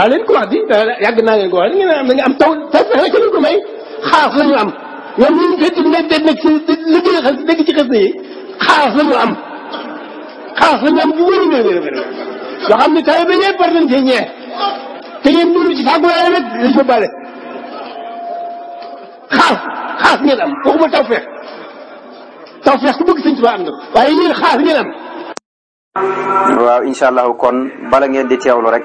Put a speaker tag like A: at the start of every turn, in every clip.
A: maa ko wax di yàgg naa leen ko wax di ngeen am da nga am ko may xaas la ñu am ñoom ñu ngi fi nekk ci xas na yi xaas la ñu am xaas la ñu am bu wér wér wér ngeen dund ci tàggoo yàlla rek dañ bale xaas xaas ngeen am waxuma taw feex ku bëgg sëñ am waaye yéen xaas ngeen am waaw incha allahu kon bala ngeen di teewlu rek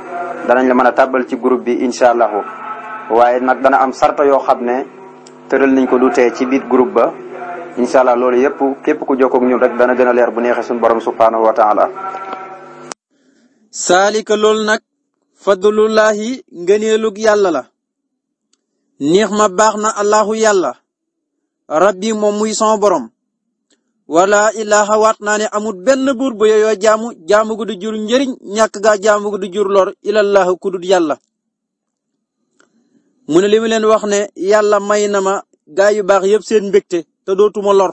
A: danañ la mën a tàbbal ci groupe bi incha allahu waaye nag dana am sarta yoo xam ne tëral nañ ko du tee ci biir groupe ba incha loolu yëpp képp ku jokkoog ñun rek dana gën a leer bu neexee suñu borom subhaanahu wa taala saalika loolu nag fadlullahi ngëneelug yàlla la neex ma baax na allahu yàlla rabbi moom muy son boroom wala ilaha waat naa ne amul benn buur bu yeyoo jaamu jaamu gu di jur njëriñ ñàkk gaa jaamu gu du jur lor ilallahu ku dul yàlla. mu ne li leen wax ne yàlla may na ma gaa yu baax yëpp seen mbégte te dootuma lor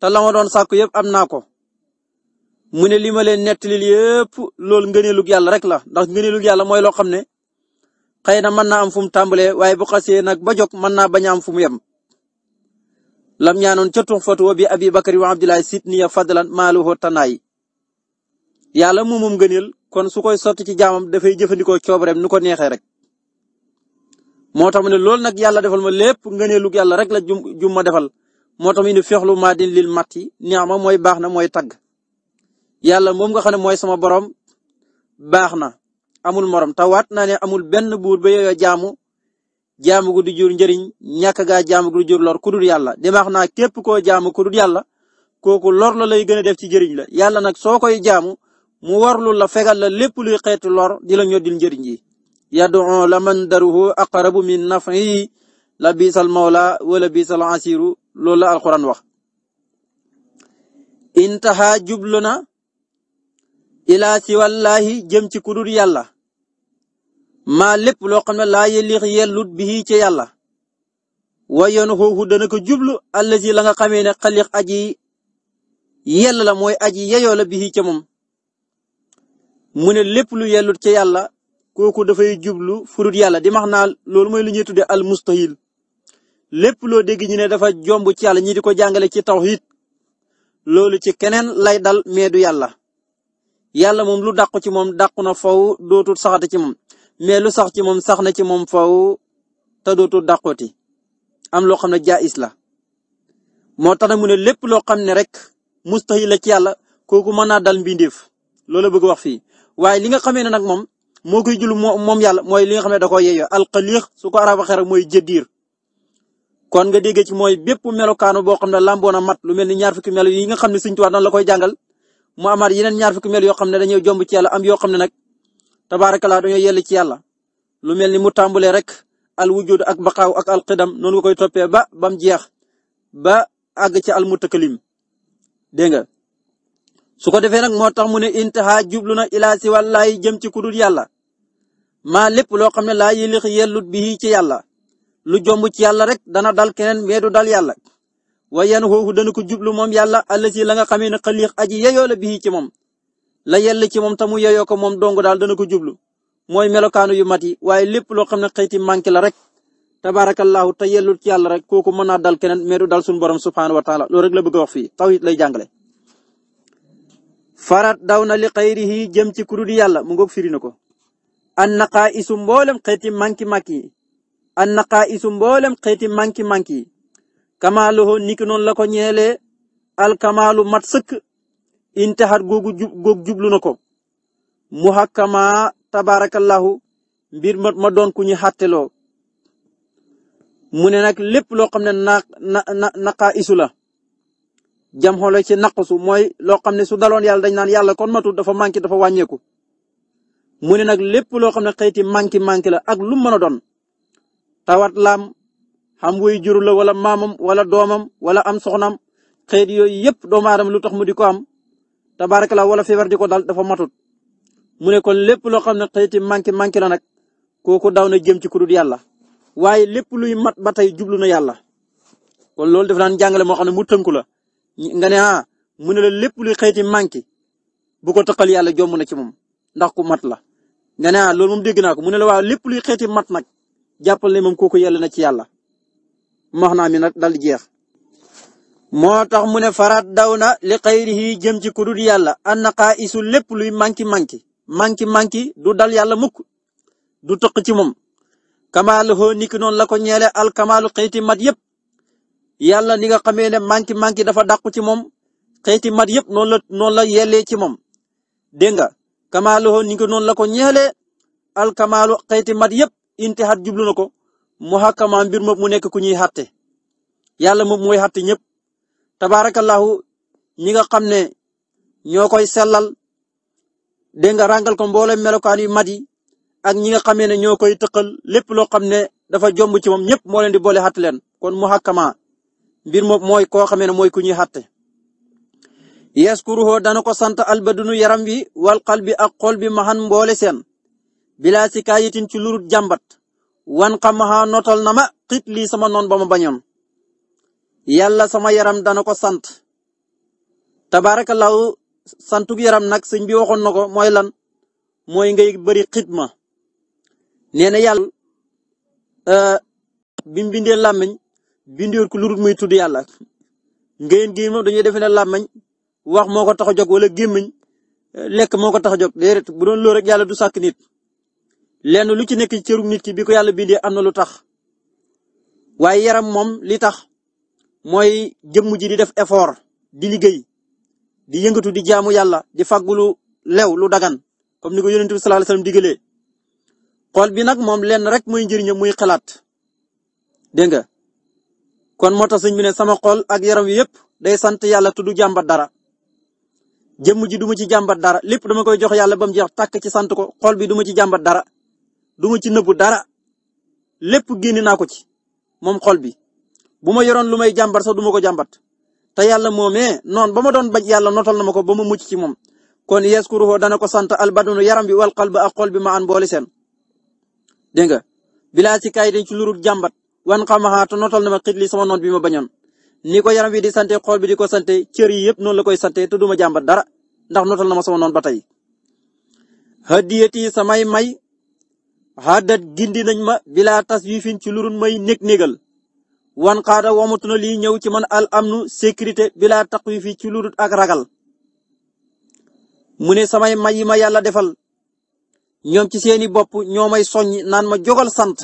A: te la ma doon sàkku yëpp am naa ko. mu ne li ma leen nettalil yëpp loolu ngëneelug yàlla rek la ndax ngëneelug yàlla mooy loo xam ne xëy na mën naa am fu mu tàmbalee waaye bu xasee nag ba jóg mën naa bañ a am fu yem. lam ñaanoon ca tuxfatu wa bi abi bakari wa abdullahi sitniya fadlan maaluhu tanaay yàlla moom moom gëneel kon su koy sotti ci jaamam dafay jëfandikoo coobareem nu ko neexee rek moo tax mu ne loolu nag yàlla defal ma lépp ngëneelug yàlla rek la jum jum ma defal moo tax mu ne fexlu maa din lil matti neex ma mooy baax na mooy tagg yàlla moom nga xam ne mooy sama borom baax na amul morom tawaat naa ne amul benn buur ba yooyu jaamu jaamu gu du jur njëriñ ñàkk gaa jaamu gu jur lor ku dul yàlla dimaax naa képp koo jaamu ku yàlla kooku lor la lay gën a def ci njëriñ la yàlla nag soo koy jaamu mu warlu la fegal la lépp luy xeetu lor di la ñoddil njëriñ yi yadu laman man daruhu aqrabu min naf'ihi la biisal mawla wala biisal asiru loolu la alquran wax intaha jublu na ila siwallaahi jëm ci ku dul yàlla maa lépp loo xam ne laa yelliix yellut bi ci yàlla wayoon xooxu dana ko jublu allazi la nga xamee ne xaliix aji yell la mooy aji yeyoo la bi ca moom mu ne lépp lu yellut ci yàlla kooku dafay jublu furut yàlla di max naa loolu mooy lu ñuy tuddee al mustahil lépp loo dégg ñu ne dafa jomb ci yàlla ñi di ko jàngale ci tawhid loolu ci keneen lay dal meedu yàlla yàlla moom lu dàqu ci moom dàqu na faw dootul saxata ci moom mais lu sax ci moom sax na ci moom faw te dootul dàqooti am loo xam ne jaayis la moo tax nag mu ne lépp loo xam ne rek mustahil la ci yàlla kooku mën naa dal mbindeef loolu bëgg wax fii waaye li nga xamee ne nag moom moo koy jul moom yàlla mooy li nga xam ne da koo yeeyoo alqaliix su ko arab waxee rek mooy jëddiir kon nga déggee ci mooy bépp melokaanu boo xam ne làmboo na mat lu mel ni ñaar fukki melo yi nga xam ne Sëñ Tuubaa noonu la koy jàngal mu amaat yeneen ñaar fukki melo yoo xam ne dañoo jomb ci yàlla yoo xam ne nag tabaarakalaa dañoo yell ci yàlla lu mel ni mu tàmbalee rek al wujud ak baqaaw ak al qidam noonu koy toppee ba bam jeex ba àgg ci al mutakalim dégg nga su ko defee nag moo tax mu ne intaha jublu na ilaa si wàllaay jëm ci kudul yàlla maa lépp loo xam ne laa yilix yellut bii ci yàlla lu jomb ci yàlla rek dana dal keneen mais du dal yàlla waaye yan xooxu dana ko jublu moom yàlla àll si la nga xamee na xaliix aji yeyoo la bii ci moom la yell ci moom tamu yeyoo ko moom dong daal dana ko jublu mooy melokaanu yu mat yi waaye lépp loo xam ne xeeti manqué la rek tabaarakallaahu te yellul ci yàlla rek ko mën naa dal keneen mais dal suñu borom subhaanahu wa taala loolu rek la bëgg a wax fii tawhid lay jàngale. farat daw na li xayrihi jëm ci kuréel yàlla mu ngoog firi na ko. an naqaa isu mboolem xeeti manki manki yi an naqaa mboolem xeeti manki manki yi kamaaluhu niki noonu la ko ñeelee alkamaalu mat sëkk intaxat googu jub googu jublu na ko muhakkama tabarakallahu mbir ma ma doon ku ñu xàtteloo mu ne nag lépp loo xam ne na na naqa isu la jam xolo ci naqsu mooy loo xam ne su daloon yàlla dañ naan yàlla kon matul dafa manqué dafa wàññeeku mu ne nag lépp loo xam ne xëyti manqué manqué la ak lu mën a doon tawat laam xam wuy juru la wala maamam wala doomam wala am soxnam xëyti yooyu yëpp doomu aadama lu tax mu di ko am tabaarakallaa wala feebar di ko dal dafa matut mu ne kon lépp loo xam ne xëyti manqué manqué la nag kooku daw na jëm ci ku dul yàlla waaye lépp luy mat ba tey jublu na yàlla kon loolu dafa daan jàngale moo xam ne mu tënku la nga ne ah mu ne la lépp luy xëyti manqué bu ko taqal yàlla jomb na ci moom ndax ku mat la nga ne ah loolu moom dégg naa ko mu ne la waaw lépp luy xeeti mat nag jàppal ne moom kooku yàlla na ci yàlla max naa mi nag dal jeex moo tax mu ne faraat daw na li xayrihi jëm ci kudul yàlla an naqaa isu lépp luy manki manki manki manki du dal yàlla mukk du tëq ci moom kamaalu xoo niki noonu la ko ñeele al kamaalu xeeti mat yëpp yàlla ni nga xamee ne manki manki dafa dàqu ci moom xeeti mat yëpp noonu la noonu la yellee ci moom dégg nga kamaalu xoo niki noonu la ko ñeele al kamaalu xeeti mat yëpp intihaat jublu na ko mu xàkkamaa mbir moom mu nekk ku ñuy xàtte yàlla moom mooy xàtte ñëpp. tabaarakallahu ñi nga xam ne ñoo koy sellal dégg nga ràngal ko mboole melokaan yu mat yi ak ñi nga xamee ne ñoo koy tëqal lépp loo xam ne dafa jomb ci moom ñëpp moo leen di boole xàtt leen kon mu mbir moom mooy koo xamee ne mooy ku ñuy xàtte. yaskuruhu dana ko sant albadunu yaram wi wal xal bi ak xol bi maxan mboole seen. bilaa si kaayitin ci lurut jàmbat. wan xam maxa notal na ma xit lii sama noon ba ma bañoon. yàlla sama yaram dana ko sant tabaarakallaahu santug yaram nag sëñ bi waxoon na ko mooy lan mooy ngay bëri xidma nee na yàlla euh, bi mu bindee làmmiñ bindeewul ko lu dul muy tudd yàlla ngeen gi moom dañuy defe ne làmmiñ wax moo ko tax a jóg wala gémmiñ lekk moo ko tax a jóg déedéet bu doon loolu yàlla du sàkk nit lenn lu ci nekk ci nit ki biko ko yàlla bindee am na lu tax waaye yaram moom li tax mooy jëmm ji di def effort di liggéey di yëngatu di jaamu yàlla di fàggu lew lu dagan comme ni ko yonent bi sallallahu alayhi wasallam digalee xol bi nag moom lenn rek mooy njëriñam muy xalaat dégg nga kon moo tax sëñ bi ne sama xol ak yaram wi yëpp day sant yàlla tudd jàmbat dara jëmm ji duma ci jàmbat dara lépp dama koy jox yàlla ba mu jeex tàkk ci sant ko xol bi duma ci jàmbat dara duma ci nëbbu dara lépp génne naa ko ci moom xol bi bu ma yoroon lu may jàmbat sax duma ko jàmbat te yàlla moomee noonu ba ma doon bañ yàlla notal na ma ko ba ma mucc ci moom kon yaskuruhu dana ko sant albadunu yaram bi wal qalbu ak xool bi ma an boole seen. dégg nga bilaa si kaay dañ ci lurut jàmbat wan xamaxaa te notal na ma xitli sama noon bi ma bañoon ni ko yaram bi di sante xol bi di ko sante cër yi yëpp noon la koy sante te duma jàmbat dara ndax notal na ma sama noon ba tey. hadiyati samay may hadat gindi nañ ma bilaa taswifin ci lurut may nég négal wan xaada wamut na lii ñëw ci man al amnu sécurité bilaa taqwi fii ci lu du ak ragal mu ne samay may yi ma yàlla defal ñoom ci seeni bopp ñoo may soññ naan ma jogal sant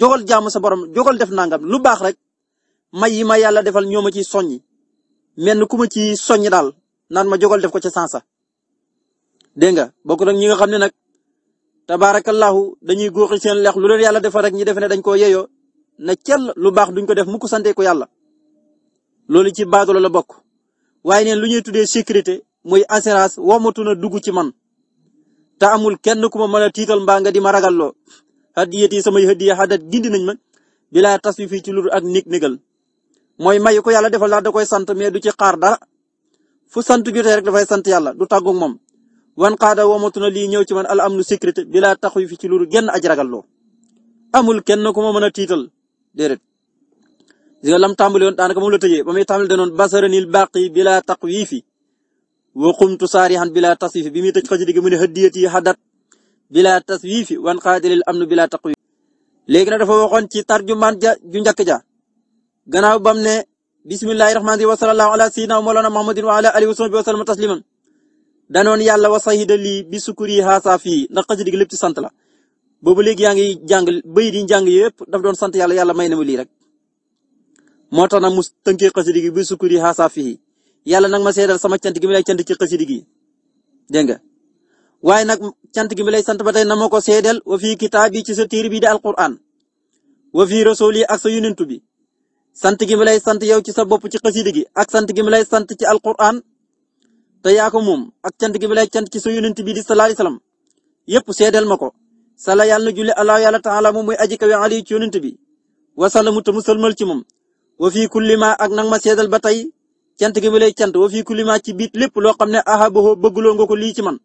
A: jogal jaamu sa borom jogal def nangam lu baax rek may yi ma yàlla defal ñoo ma ciy soññ mel ku ma ci soññ daal naan ma jogal def ko ca sansa dégg nga bokk nag ñi nga xam ne nag tabaarakallahu dañuy góoxi seen leex lu leen yàlla defal rek ñi def ne dañ koo yeyoo na cell lu baax duñ ko def mu ko sante ko yàlla loolu ci baadoolo la bokk waaye neen lu ñuy tuddee sécurité muy assurance womatu na dugg ci man te amul kenn ku ma mën a tiital mbaa nga di ma ragalloo hadiyat yi samay hadiya hadat gindi nañ ma bilaa tas wi fii ci lur ak nig nigal mooy may ko yàlla defal daal da koy sant mais du ci xaar dara fu sant jotee rek dafay sant yàlla du tàggu moom wan xaada womatu na lii ñëw ci man am amnu sécurité bilaa tax wi fii ci lur genn aj ragalloo amul kenn ku ma mën a tiital déedéet gis lam tàmbali woon daanaka moom la tëjee ba muy tàmbali danoon basaranil baqi bila taqwifi wa qumtu saarihan bila taswifi bi muy tëj xasida gi mu ne hadiyati hadat bila taswifi wan xaadilil amnu bila taqwifi léegi nag dafa waxoon ci tarjumaan ja ju njëkk ja gannaaw bam ne bismillahi rahmaani wa sallallahu ala sayyidina wa ala alihi wa sahbihi wa sallam tasliman danoon yàlla wa sahida lii bi sukuri haasa fii nda xasida gi lépp ci sant la boobu léegi yaa ngi jàng bay di jàng yëpp daf doon sant yàlla yàlla may na ma lii rek moo tax nag mu tënkee xasida gi bi sukuri xaasaa fii yàlla nag ma seedal sama cant gi mi lay cant ci xasida gi dégg nga waaye nag cant gi lay sant ba tey na ma ko seedal wa fii kitaab yi ci sa téere bi di alquran wa fii rasul yi ak sa yonent bi sant gi mi lay sant yow ci sa bopp ci xasida gi ak sant gi mi lay sant ci alquran te yaa ko moom ak cant gi mi lay cant ci sa yonent bi di sa alayhi wasallam yëpp seedal ma ko sala yàlla na julli allahu yàlla taala moom mooy aji kawe ali ci yonent bi wasalamu te mu ci moom wa fii kulli ma ak nag ma seedal ba tey cant gi mu lay cant wa fii kulli ma ci biit lépp loo xam ne ahaboo bëggloo nga ko lii ci man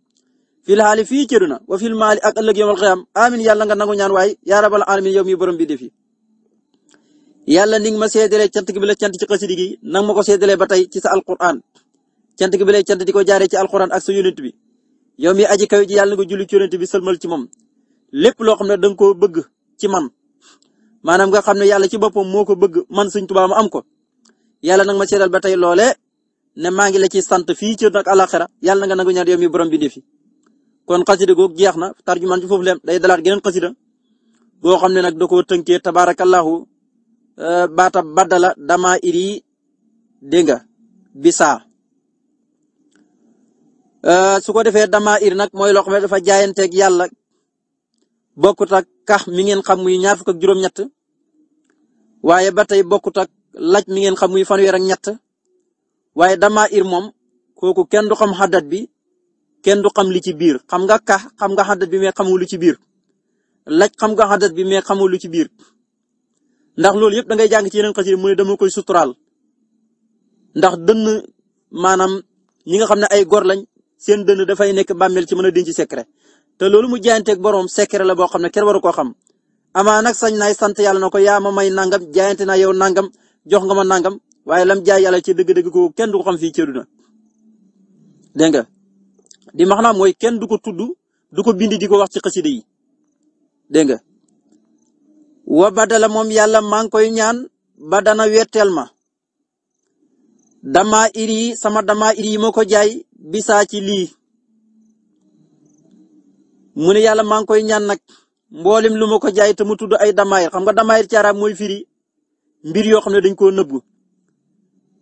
A: fil xaali fii ci duna wa fil maali ak ëllëg yowmal xiyaam amin yàlla nga nangu ñaan waay yaa rabal alamin yow mi borom bi defi yàlla ni nga ma seedalee cant gi bi la cant ci xasidi gi nang ma ko seedalee ba tey ci sa alquran cant gi ko jaaree ci alquran ak sa yonent bi yow mi yàlla nga julli ci yonent bi sëlmal ci moom lépp loo xam ne danga koo bëgg ci man maanaam nga xam ne yàlla ci boppam moo ko bëgg man sëñ Tuubaa ma am ko yàlla nag ma seedal ba tey loole ne maa ngi la ciy sant fii ci nag alaxira yàlla na nga nangu ñaar yow mi borom bi def fi kon xasida googu jeex na tarjumaan ci foofu leem day dalaat geneen xasida boo xam ne nag da koo tënkee tabaarakallaahu euh, baata badala dama iri dégg nga bisaa euh, su ko defee dama ir nag mooy loo xam ne dafa jaayanteeg yàlla bokkut ak kax mi ngeen xam muy ñaar fukk ak juróom-ñett waaye ba tey bokkut ak laaj mi ngeen xam muy fanweer ak ñett waaye dama ir moom kooku kenn du xam xaddat bi kenn du xam li ci biir xam nga kax xam nga xaddat bi mais xamul lu ci biir laaj xam nga xaddat bi mais xamul lu ci biir ndax loolu yëpp dangay ngay jàng ci yeneen xasida mu ne dama koy suturaal ndax dënn maanaam ñi nga xam ne ay gor lañ seen dënn dafay nekk bàmmeel ci mën a denc secret te loolu mu jaayanteeg borom secret la boo xam ne kenn waru koo xam amaa nag sañ naay sant yàlla na ko yaa ma may nangam jaayante naa yow nangam jox nga ma nangam waaye lam jaay yàlla ci dëgg-dëgg ko kenn du ko xam fii ci àdduna dégg nga di maanaam mooy kenn du ko tudd du ko bind di ko wax ci xasida yi dégg nga wa badala moom yàlla maa ngi koy ñaan badana dana wetteel ma dama iri sama dama iri yi ma ko jaay bisaa ci lii mu ne yàlla maa ngi koy ñaan nag mboolem lu ma ko jaay te mu tudd ay damaayir xam nga damaayir ci arab mooy firi mbir yoo xam ne dañ koo nëbbu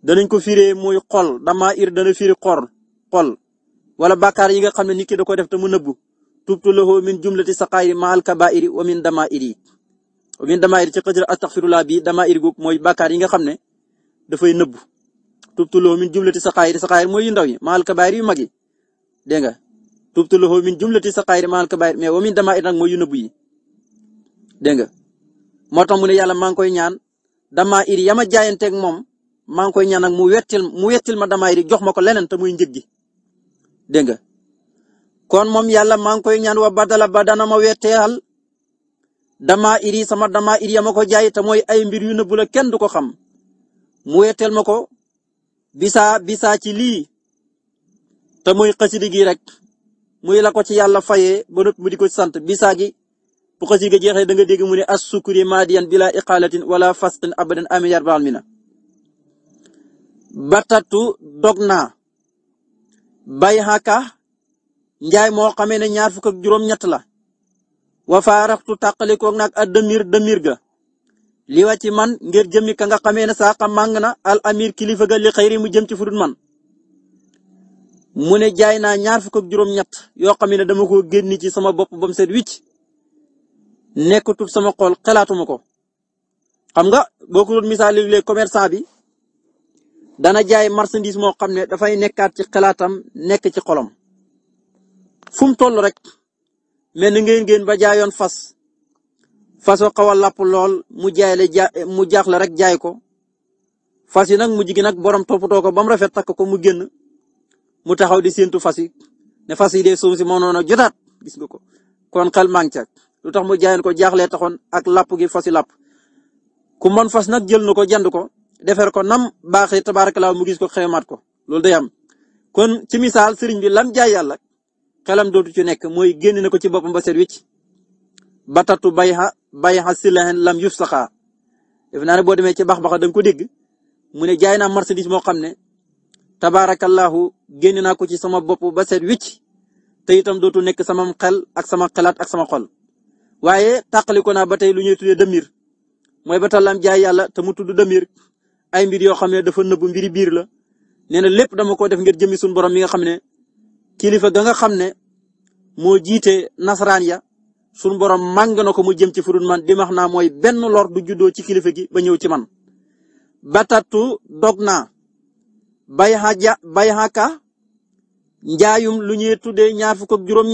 A: danañ ko firee mooy xol damaayir dana firi xor xol wala bàkkaar yi nga xam ne ni ki da ko def te mu nëbbu tubtu lahu min jumlati saqaayiri maal kabaa'iri wa min damaayiri wa min damaayiri ci xëjër astaxfirullah bi damaayir googu mooy bàkkaar yi nga xam ne dafay nëbbu tubtu lahu min jumlati saqaayiri saqaayir mooy yu ndaw yi maal kabaa'iri yu mag yi dégg tubtu lahu min jumlati saqaa'ir ma'al kabaa'ir mais wa min damaa'ir nag mooy yu nëbbu yi dégg nga moo tax mu ne yàlla maa ngi koy ñaan damaa'ir yama jaayanteeg moom maa ngi koy ñaan nag mu wettil mu wettil ma damaa'ir jox ma ko leneen te muy njëg gi dégg nga kon moom yàlla maa ngi koy ñaan wa badala ba dana ma wetteel damaa'ir yi sama damaa'ir yama ko jaay ta mooy ay mbir yu nëbbu la kenn du ko xam mu wetel ma ko bisaa bisaa ci lii te muy xasida rek. muy la ko ci yàlla fayee ba noppi mu di ko sant bisaa gi bu xas yi nga jeexee danga dégg mu ne a sukuri maadiyan bila iqaalatin wala fastin abadan amin yar baal mi na batatu dog na bay xaka njaay moo xamee ne ñaar fukk ak juróom-ñett la wa faaraxtu tàqalikoog nag a demir demir ga li wa ci man ngir jëmmi ka nga xamee ne saaka màng na al amir kilifa ga li xëyri mu jëm ci fudut man mu ne jaay naa ñaar fukk ak juróom-ñett yoo xam ne dama ko génn ci sama bopp ba mu set wicc nekkatul sama xol xalaatuma ko xam nga boo ko doon misaal léeg-léeg bi dana jaay marchandise moo xam ne dafay nekkaat ci xalaatam nekk ci xolom fu mu toll rek mel na ngeen ngeen ba jaayoon fas fasoo xaw a làpp lool mu jaay la ja mu jaaxle rek jaay ko fas yi nag mu jigi nag borom toppatoo ko ba mu rafet takk ko mu génn. mu taxaw di séntu fas yi ne fas yi dee suum si mënoon a jotaat gis ko kon xel maa lu tax mu jaayoon ko jaaxlee taxoon ak lapp gi fas yi lapp ku mën fas nag jël na ko jand ko defar ko nam baaxee tabaarakalaaw mu gis ko xeemaat ko loolu day am. kon ci misaal sëriñ bi lam jaay yàlla xelam dootu ci nekk mooy génn na ko ci boppam ba set wicc batatu bayha bayha silahin lam yufsaxa def naa ne boo demee ci bax baxa da nga ko dégg mu ne jaay naa marchandise moo xam ne tabaarakallahu génn naa ko ci sama bopp ba seet wicc te itam dootu nekk sama xel ak sama xelaat ak sama xol waaye tàqali ko naa ba tey lu ñuy tuddee damir mooy ba tàllam jaay yàlla te mu tudd damir ay mbir yoo xam ne dafa nëbbu mbiri biir la nee na lépp dama ko def ngir jëmi suñu borom mi nga xam ne kilifa ga nga xam ne moo jiite nasaraan ya sun borom màng na ko mu jëm ci furun man di max naa mooy benn lor du juddoo ci kilifa gi ba ñëw ci man. batatu dog bay xa ja bay xaka njaayum lu ñuy tuddee ñaar fukk ak juróom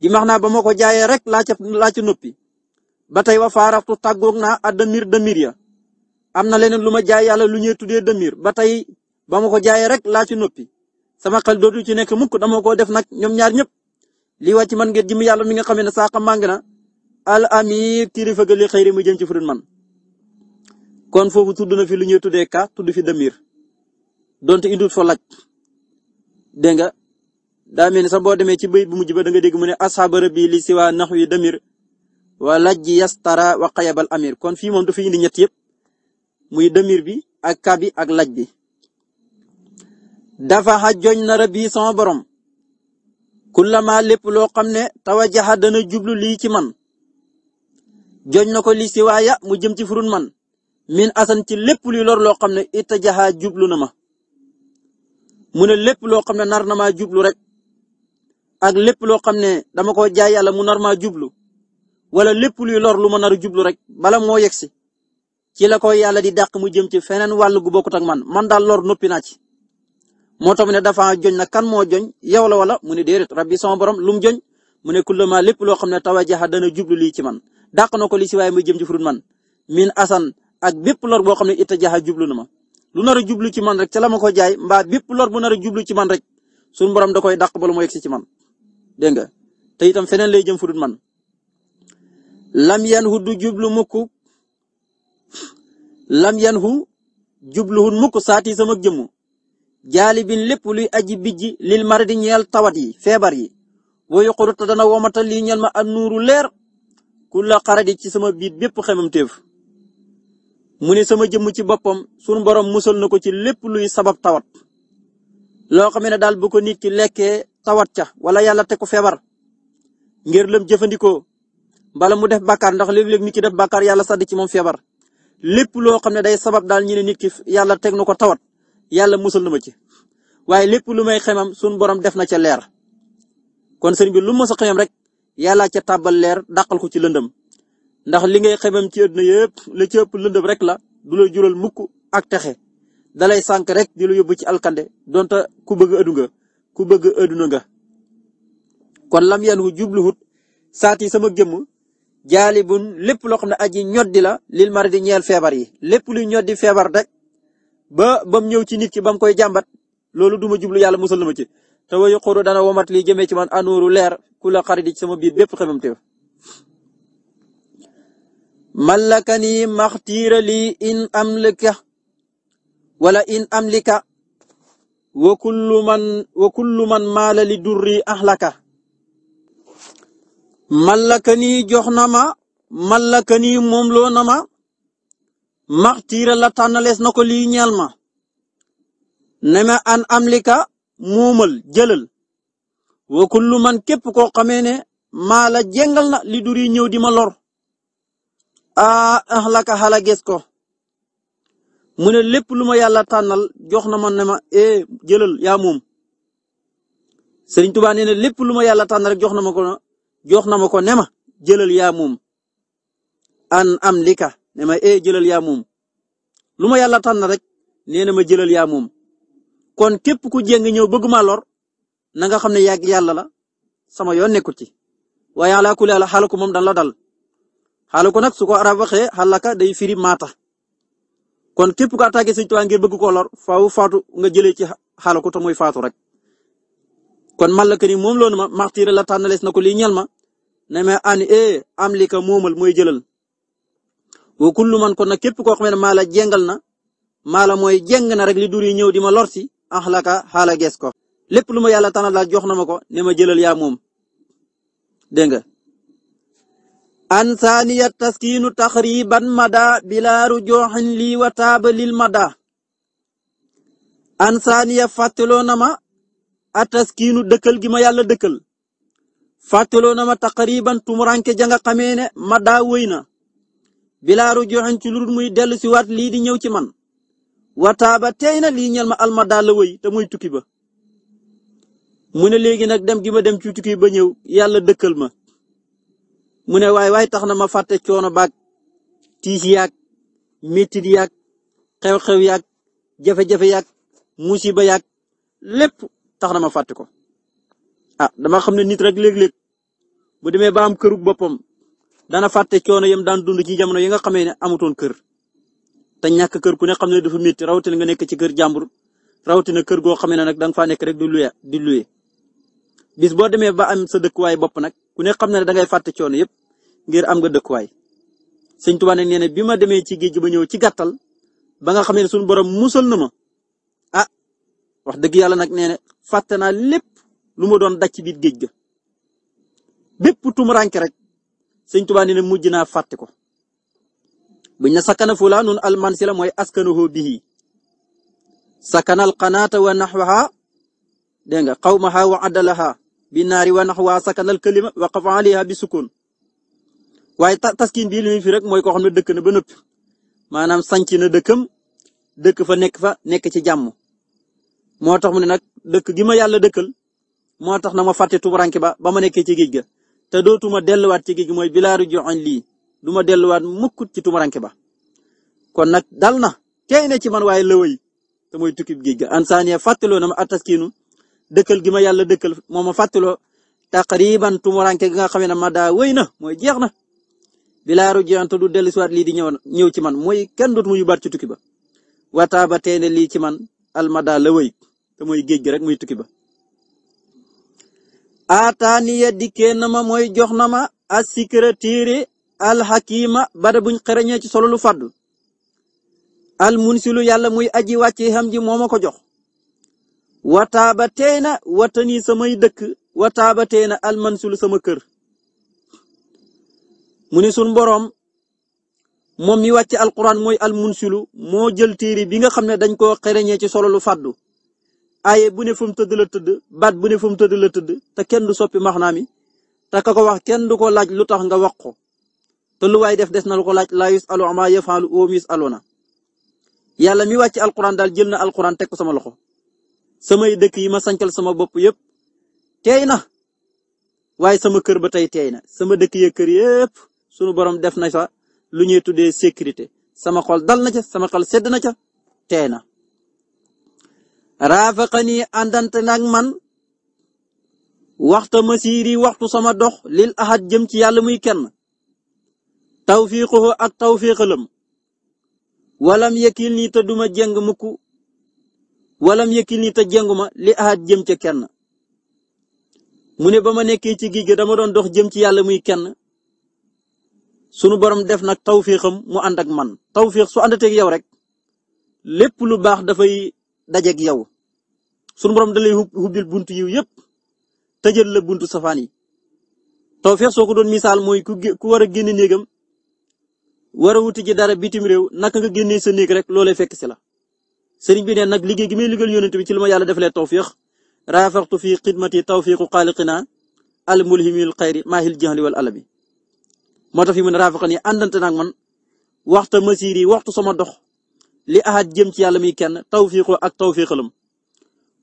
A: di max naa ba ma ko jaayee rek laa ca laa ca noppi ba tey wa faaraxtu tàggoog naa a damir damir ya am na leneen lu ma jaay yàlla lu ñuy tuddee damir ba tey ba ma ko jaayee rek laa ci noppi sama xel dootu ci nekk mukk dama koo def nag ñoom ñaar ñëpp lii wàcc man ngeen jëm yàlla mi nga xam ne saaka màng na al amir kilifa ga li xëyri mu jëm ci furun man kon foofu tudd na fi lu ñuy tuddee ka tudd fi damir donte indul fa laaj dégg nga daa mel ni sax boo demee ci béy bu mujj ba da dégg mu ne asxaaba rabbi li si waa nax wi damir wa lajj yastara wa xayabal amir kon fi moom dafa indi ñett yëpp muy damir bi ak kabi ak laj bi dafa xa joñ na bi sama borom kullama lépp loo xam ne tawajaxa dana jublu li ci man jooñ na ko li si waaya mu jëm ci furun man min asan ci lépp luy lo loo xam ne itajaxa jublu na ma mu ne lépp loo xam ne nar na maa jublu rek ak lépp loo xam ne dama ko jaay yàlla mu nar jublu wala lépp luy lor lu ma nar a jublu rek bala moo yegg si ci la ko yàlla di dàq mu jëm ci feneen wàll gu bokkut ak man man daal lor noppi naa ci. moo tax mu ne dafa joñ na kan moo joñ yow la wala mu ne déedéet rabbi sama borom lum joñ mu ne kullama lépp loo xam ne tawajaha dana jublu lii ci man dàq na ko li si waaye muy jëm ci furut man min assan ak bépp lor boo xam ne itajaha jublu na ma. lu nar a jublu ci man rek ca la ma ko jaay mbaa bépp lor bu nar a jublu ci man rek suñu borom da koy dàq bala mu yegsi ci man dégg nga te itam feneen lay jëm fu dul man. lam yan hu du jublu mukk lam yan hu jubluwul mukk saati sama jëmm jaalibin lépp luy aji bijji lil maradi ñeel tawat yi feebar yi boo yokkut dana womatal lii ñeel ma an nuuru leer ku la xaradi ci sama biit bépp xemam mu ne sama jëmm ci boppam sunu borom musal na ko ci lépp luy sabab tawat loo xam ne daal bu ko nit ki lekkee tawat ca wala yàlla teg ko feebar ngir lam jëfandikoo bala mu def bàkkaar ndax léeg-léeg nit ki def bàkkaar yàlla sàdd ci moom feebar lépp loo xam ne day sabab daal ñu ne nit ki yàlla teg nu ko tawat yàlla musal na ma ci waaye lépp lu may xemam sunu borom def na ca leer kon sëriñ bi lu ma sa rek yàlla ca tabal leer dàqal ko ci lëndëm ndax li ngay xemam ci àdduna yëpp la ci ëpp lëndëm rek la du la jural mukk ak texe dalay sànq rek di la yóbbu ci alkande donte ku bëgg ëddu nga ku bëgg àdduna nga kon lam yan wu jubluwut saat saati sama jëmm jaalibun lépp loo xam ne aji ñoddi la lil mari di ñeel feebar yi lépp luy ñoddi feebar rek ba bam ñëw ci nit ki bam koy jàmbat loolu duma jublu yàlla musal na ma ci te wayu xuru dana womat li jëmee ci man anuuru leer ku la xarit ci sama biir bépp xemam teew mallakani maxtiira lii in amlika wala in amlika wa kullu man wa kullu man maala li durri ahlaka na ma mallakani moom loo na ma maxtiira la tànnalees na ko lii ñeel ma ne ma an amlika moomal jëlal wokul kullu man képp koo xamee ne maala jengal na li ñëw di ma lor ah axlaka xala gis ko mu ne lépp lu ma yàlla tànnal jox na ma ne ma eh jëlal ya moom Sëriñ Tuubaa nee na lépp lu ma yàlla tànnal rek jox na ma ko jox na ma ko ne ma jëlal yaa moom an am lika ne ma eh jëlal yaa moom lu ma yàlla tànn rek nee na ma jëlal ya moom kon képp ku jéng ñëw bëgg maa lor na nga xam ne yàgg yàlla la sama yoon nekkul ci waaye alaa kulli xaal xaalaku moom dan la dal. ko nag su ko arab waxee xalaka day firi maata kon képp ku attaqué Sëñ Tuubaa ngir bëgg koo lor faaw faatu nga jëlee ci xaalaku te mooy faatu rek. kon man la que ni moom loonu ma martiir la tànnalees na ko lii ñel ma ne ma an e am li ka moomal mooy jëlal wa kullu man kon nag képp koo xam ne maa jengal na maa la mooy jeng na rek li dur yi ñëw di ma lor si laka xaala gees ko lépp lu ma yàlla tànnal daal jox na ma ko ne ma jëlal yaa moom dégg an saaniya taskiinu taxriban mada bilaaru jooxin lii wa lil mada an saaniya fàttaloo na ma a dëkkal gi ma yàlla dëkkal fàttaloo na ma taxriban tumuranke ja nga xamee ne mada wëy na bilaaru jooxin ci lu muy dellu si waat lii di ñëw ci man wataaba tey na li ñel ma almada la wëy te muy tukki ba mu ne léegi nag dem gi ma dem ci tukki ba ñëw yàlla dëkkal ma mu ne waay waay tax na ma fàtte coono baag tiis yaag métit yaag xew-xew yaag jafe-jafe yaag musiba yaag lépp tax na ma fàtte ko ah dama xam ne nit rek léeg-léeg bu demee ba am këru boppam dana fàtte coono yam daan dund ci jamono yi nga xamee ne amutoon kër te ñàkk kër ku ne xam ne dafa méti rawatina nga nekk ci kër jàmbur rawatina kër goo xamee ne nag da nga faa nekk rek di luye di luye bis boo demee ba am sa dëkkuwaay bopp nag ku ne xam ne da ngay fàtte coono yëpp ngir am nga dëkkuwaay sëñ Tuubaa nag nee bi ma demee ci géej gi ba ñëw ci gàttal ba nga xam ne suñu borom musal na ma ah wax dëgg yàlla nag nee na fàtte naa lépp lu ma doon daj ci biir géej ga bépp tumuranke rek sëñ Tuubaa nee mujj naa fàtte ko buñ na sakkana fulaanun almansila mooy askanuhu bihi sakanal qanaata wa naxwaha dégg nga xawmaha wa adalaha bi naari wa naxwaa sakanal kalima wa qafa aliha bi sukun waaye taskin bii li muy fi rek mooy ko xam ne dëkk na ba noppi maanaam sanc na dëkkam dëkk fa nekk fa nekk ci jàmm moo tax mu ne nag dëkk gi ma yàlla dëkkal moo tax na ma fàtte tumuranke ba ba ma nekkee ci géej ga te dootuma delluwaat ci géej gi mooy bilaaru joxoñ lii duma ma delluwaat mukkut ci tumuranke ba kon nag dal na tey ne ci man waaye lëwëy te moy tukki géej ga ansaaniya fàttaloo na ma ataskinu dëkkal gi ma yàlla dëkkal moo ma fàttaloo taqriban tumuranke gi nga xam ne ma daa wëy na mooy jeex na bilaa rujjaan te du dellusiwaat lii di ñëw ñëw ci man mooy kenn dootu mu yóbbaat ci tukki ba wataa ba tey ne lii ci man almada la wëy te mooy géej gi rek muy tukki ba ataaniya dikkee na ma mooy jox na ma asikra téere alxakima bada buñ xereñee ci solo lu fàddu almunsilu yàlla muy aji wàcce xam ji moo ko jox wataaba tey na watani samay dëkk wata ba na almansulu sama kër mu ne sunu boroom moom mi wàcce alquran mooy almunsilu moo jël téere bi nga xam ne dañ koo xereñee ci solo lu fàddu aaye bu ne fu mu tëdd la tëdd baat bu ne fu mu tëdd la tëdd te kenn du soppi maxnaam mi te ka ko wax kenn du ko laaj lu tax nga wax ko te waay def des na lu ko laaj laa yusalu amaa yafaalu wahum yusaluna yàlla mi wàcce alquran daal jël na alquran teg ko sama loxo samay dëkk yi ma sancal sama bopp yépp teey na waaye sama kër ba tey tey na sama dëkk ya kër yépp sunu borom def na sa lu ñuy tuddee sécurité sama xol dal na ca sama xol sedd na ca tee na raafaqani àndante nag man waxta masiiri waxtu sama dox lil ahad jëm ci yàlla muy kenn tawfiquhu ak tawfiqalam walla yëkkil nii te duma jëng mukk walla yëkkil nii te jënguma li ahad jëm ca kenn mu ne ba ma nekkee ci géej dama doon dox jëm ci yàlla muy kenn sunu borom def nag tawféexam mu ànd ak man tawféex su àndateeg yow rek lépp lu baax dafay dajeeg yow sunu borom da lay hubbil bunt yiw yëpp tëjal la buntu safaan yi tawféex soo ko doon misaal mooy ku ku war a génne néegam war a wuti ji dara bitim réew naka nga génnee sa néeg rek loolee fekk si la. sëriñ bi ne nag liggéey gi may liggéeyal yonent bi ci lu ma yàlla defalee tawféex raafaxtu fi xidmati tawféexu xaaliqina al mulhimil xayri maahil jahli wal alabi moo tax fi mu a raafiqan yi àndante nag man waxta masiir yi waxtu sama dox li ahad jëm ci yàlla mi kenn tawfiqu ak tawfiqalam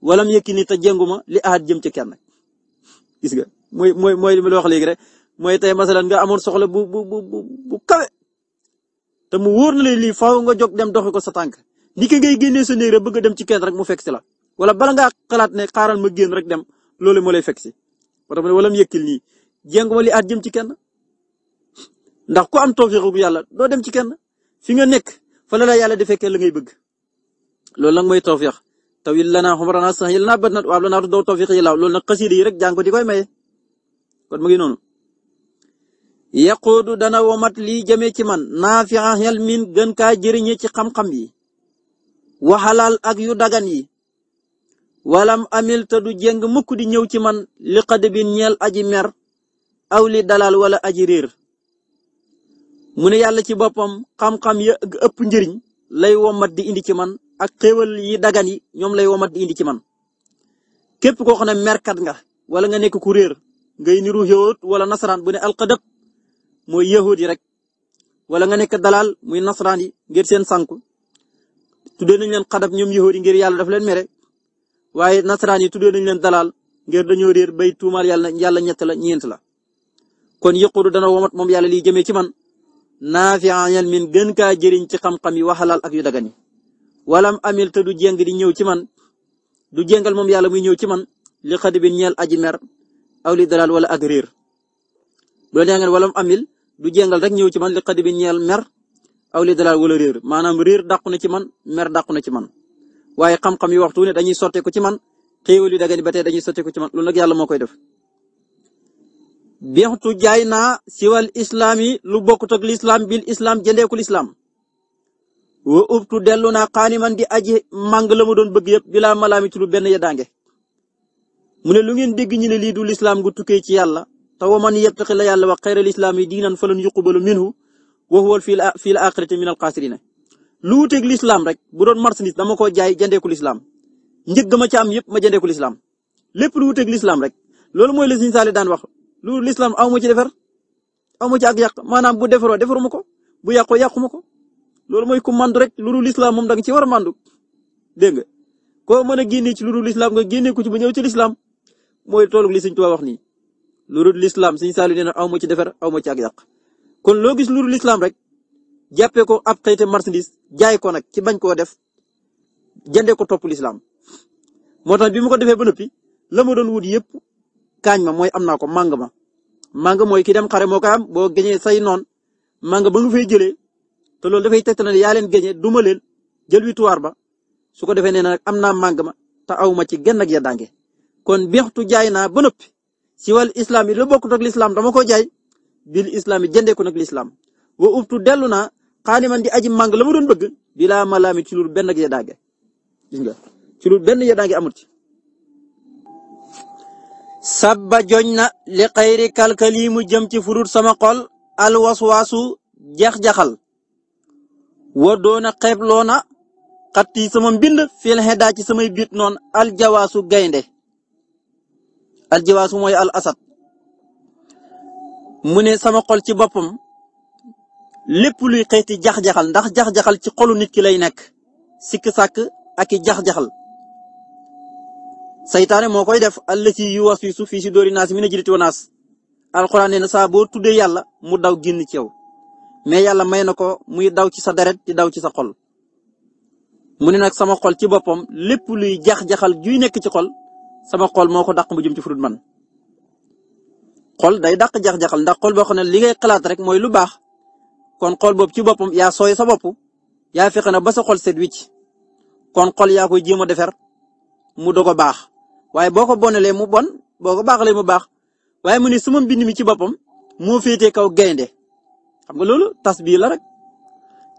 A: walam yëkki ni te jënguma li ahad jëm ci kenn gis nga mooy mooy mooy li ma la wax léegi rek mooy tey masalan nga amoon soxla bu bu bu mu wóor na leen lii faaw nga jóg dem doxi ko sa tànk ni ki ngay génnee sa néeg rek bëgg dem ci kenn rek mu fekk si la wala bala ngaa xalaat ne xaaral ma génn rek dem loolu moo lay fekk si. moo tax ma ne walam li ahad jëm ci kenn. ndax ku am tawféexu bu yàlla doo dem ci kenn fi nga nekk fa la la yàlla defee kenn la ngay bëgg loolu nag mooy tawféex tawil lanaa umranaa sahhil lanaa batnat waab lanaa tu doo tawféex yi laaw loolu nag xasida rek jàng ko di koy maye kon mu ngi noonu yaquudu dana womat lii jëmee ci man naafixa xel min gën kaa jëriñe ci xam-xam yi waxalaal ak yu dagan yi walam amil te du jéng mukk di ñëw ci man li xad bin ñeel aji mer aw li dalal wala aji réer mu ne yàlla ci boppam xam-xam ya ëpp njëriñ lay womat di indi ci man ak xéewal yi dagan yi ñoom lay womat di indi ci man képp koo xam ne merkat nga wala nga nekk ku réer ngay niru yahud wala nasaraan bu ne alqadab mooy yahud rek wala nga nekk dalal muy nasaraan yi ngir seen sànku tuddee nañ leen xadab ñoom yahud yi ngir yàlla daf leen mere waaye nasaraan yi tuddee nañ leen dalal ngir dañoo réer bay tuumaal yàlla yàlla ñett la ñeent la kon yëqulu dana womat moom yàlla liy ci man naafian ilmin gën kaa jëriñ ci xam-xam yi waxalal ak yu dagan yi walam amil te du jéng di ñëw ci man du jéngal moom yàlla muy ñëw ci man li xad aji mer aw li dalal wala ak réer bu la nee amil du jéngal rek ñëw ci man li xad bi ñeel aw li dalal wala réer maanaam réer dàqu na ci man mer dàqu na ci man waaye xam-xam yi waxtu ne dañuy sotteeku ci man xéewal yu dagan ba te dañuy sotteeku ci man loolu nag yàlla moo koy def bextu jaay naa siwal islaam yi lu bokkut ak lislaam bil islaam jëndee ko lislaam wa ubtu dellu naa xaani man di aji màng la ma doon bëgg yëpp bilaa malaami ci lu benn yeddaange mu ne lu ngeen dégg ñu ne lii du lislaam gu tukkee ci yàlla te wa man yebtaxi la yàlla wax xayral islaam yi diinan falan yuqbalu minhu wa huwa fi l axirati min al xaasirina lu wuteeg lislaam rek bu doon marchandise dama koo jaay jëndee ko lislaam njëg ma ci am yëpp ma jëndee ko lislaam lépp lu wuteeg lislaam rek loolu mooy la Sëriñ Saali daan wax lu lislaam aw ma ci defar aw ma ci ak yàq maanaam bu defaroo defaruma ko bu yàqoo yàquma ko loolu mooy ku mandu rek lu lislaam moom da nga ci war a mandu dégg nga koo mën a génnee ci lu dul lislaam nga génnee ko ci bu ñëw ci lislaam mooy toolu li Sëñ Tuubaa wax nii lu dul lislaam Sëñ Saaliw nee na aw ma ci defar aw ma ci ak yàq kon loo gis lu dul lislaam rek jàppee ko ab xëyte marchandise jaay ko nag ci bañ koo def jëndee ko topp lislaam moo tax bi mu ko defee ba noppi la ma doon wut yëpp kaañ ma mooy am naa ko màng ma màng mooy ki dem xare moo koy am boo géñee say noon màng ba nga fay jëlee te loolu dafay tegtal yaa leen géñee duma leen jël victoire ba su ko defee nee na nag am naa màng ma te aw ma ci genn ak yeddaange kon beextu jaay naa ba noppi si wàllu islam yi la bokk ak lislaam dama ko jaay bil islam yi jëndee ko nag lislaam wa ubtu dellu naa xaaliman di aji màng la ma doon bëgg bilaa malaami ci loolu benn ak yeddaange gis nga ci loolu benn yeddaange amul ci sabba joñ na li xayri kalkali mu jëm ci furut sama xol alwaswaasu jax-jaxal wa doona xeeb loona xatti sama mbind fil xedaa ci samay biit noon al aljawaasu gaynde aljawaasu mooy al asad mu ne sama xol ci boppam lépp luy xeeti jax-jaxal ndax jax-jaxal ci xolu nit ki lay nekk sikk sàkk ak jax-jaxal saytaane moo koy def allati yuwaswisu fii suduuri naas mina jinnati wa naas alxuraan nee na saa boo tuddee yàlla mu daw génn ci yow mais yàlla may na ko muy daw ci sa deret di daw ci sa xol. mu ne nag sama xol ci boppam lépp luy jax-jaxal juy nekk ci xol sama xol moo ko daq mu jëm ci furut man xol day daq jax-jaxal ndax xol boo xam ne li ngay xalaat rek mooy lu baax kon xol boobu ci boppam yaa sooy sa bopp yaa fexe na ba sa xol set wicc kon xol yaa koy jéem a defar mu doog a baax. waaye boo ko bonalee mu bon boo ko baaxalee mu baax waaye mu ne suma mbind mi ci boppam moo féetee kaw gaynde xam nga loolu tas bii la rek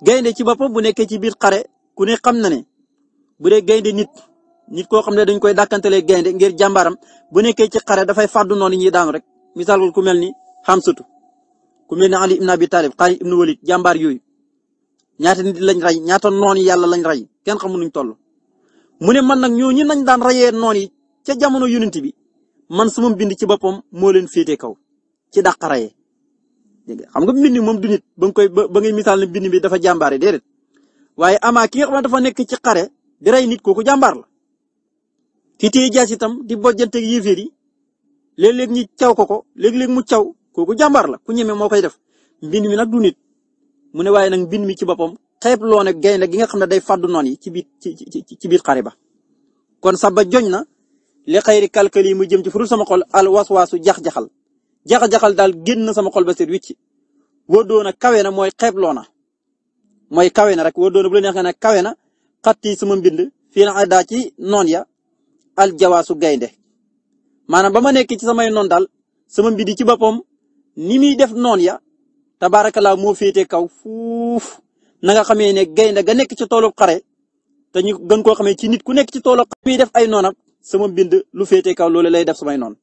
A: gaynde ci boppam bu nekkee ci biir xare ku ne xam na ne bu dee gaynde nit nit koo xam ne dañ koy dàkkantelee gaynde ngir jàmbaaram bu neke ci xare dafay fàddu noonu ñuy daan rek misaal ku mel ni Xamsatu ku mel ni Ali ibn Abi Talib Xaalid ibn Walid jàmbaar yooyu ñaata nit lañ rey ñaata noon yàlla lañ rey kenn xamu nuñ toll mu man nag ñooñu nañ daan rayee ca jamono yonent bi man sama mbind ci boppam moo leen féete kaw ci dàqaraye dégg xam nga mbind moom du nit ba nga koy ba ngay misaal mbind bi dafa jàmbaare déedéet waaye amaa ki nga xam ne dafa nekk ci xare di rey nit kooku jàmbaar la ki téye jaas di bojjanteeg yéeféer yi léeg-léeg ñi caw ko ko léeg-léeg mu caw kooku jàmbaar la ku ñeme moo koy def mbind mi nag du nit mu ne waaye nag mbind mi ci boppam xeeb loo ne gaynde gi nga xam ne day fàddu noon yi ci biir ci ci ci biir xare ba kon saba joñ na li xayri calcul yi mu jëm ci furu sama xol al waswaasu jax-jaxal jax-jaxal daal génn sama xol ba seet wicc woo doona kawe na mooy xeebloo na mooy kawe na rek woo doona bu la neex nga ne kawe na xatti sama mbind fii na daa ci noon ya al jawaasu gaynde maanaam ba ma nekk ci samay noon daal sama mbindi ci boppam ni muy def noon ya te tabaarakallaa moo féete kaw fuuf na nga xamee ne gaynde ga nekk ci toolu xare te ñu gën koo xamee ci nit ku nekk ci toolu xare muy def ay noonam sama mbind lu féetee kaw loolu lay def samay noon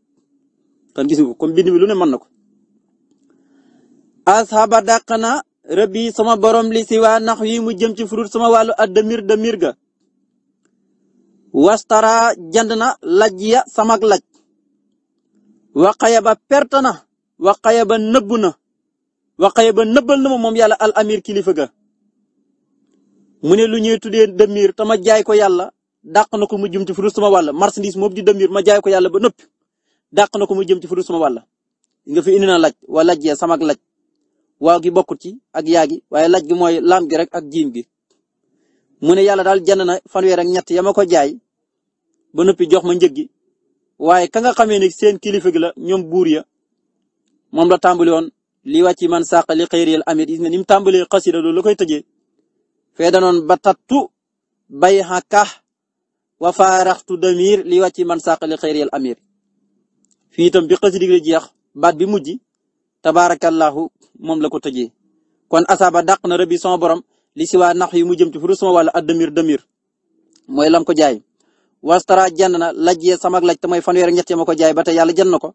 A: kon gis nga ko comme mbind mi lu ne mën na ko. asxaaba dàq na rabbi sama borom li si waa nax yi mu jëm ci furut sama wàllu ak damir damir ga. wastara jand na laj ya samak laj. waqaya ba perte na. waqaya ba nëbbu na. waqaya ba nëbbal na ma moom yàlla al amir kilifa ga. mu ne lu ñuy tuddee damir tama jaay ko yàlla dàq na ko mu jëm ci fudul sama wàll marchandise moom di demir ma jaay ko yàlla ba nëpp dàq na ko mu jëm ci fudul sama wàll nga fi indi na laaj waa laaj ya sama laaj waaw gi bokkut ci ak yaa gi waaye laaj gi mooy laam rek ak jiim gi mu ne yàlla daal jënd na fanweer ak ñett ya ma ko jaay ba noppi jox ma njëg gi waaye ka nga xamee ni seen kilifa gi la ñoom buur ya moom la tàmbali woon li wàcc man sàq li xëyril amit gis nga ni mu tàmbalee xasida loolu la koy tëjee fee danoon ba bay xàkkaax wa faaraxtu damir li wàcc man sàqali xayriyal amir fii itam bi xasida gi jeex baat bi mujj tabaarakallahu moom la ko tëjee kon asaaba dàq na rëbbi sama borom li si waa nax yi mu jëm ci furu sama wàll ak damir damir mooy lam ko jaay wastara jënd na lajjee sama laj te mooy fanweer ak ñett ma ko jaay ba tey yàlla jënd na ko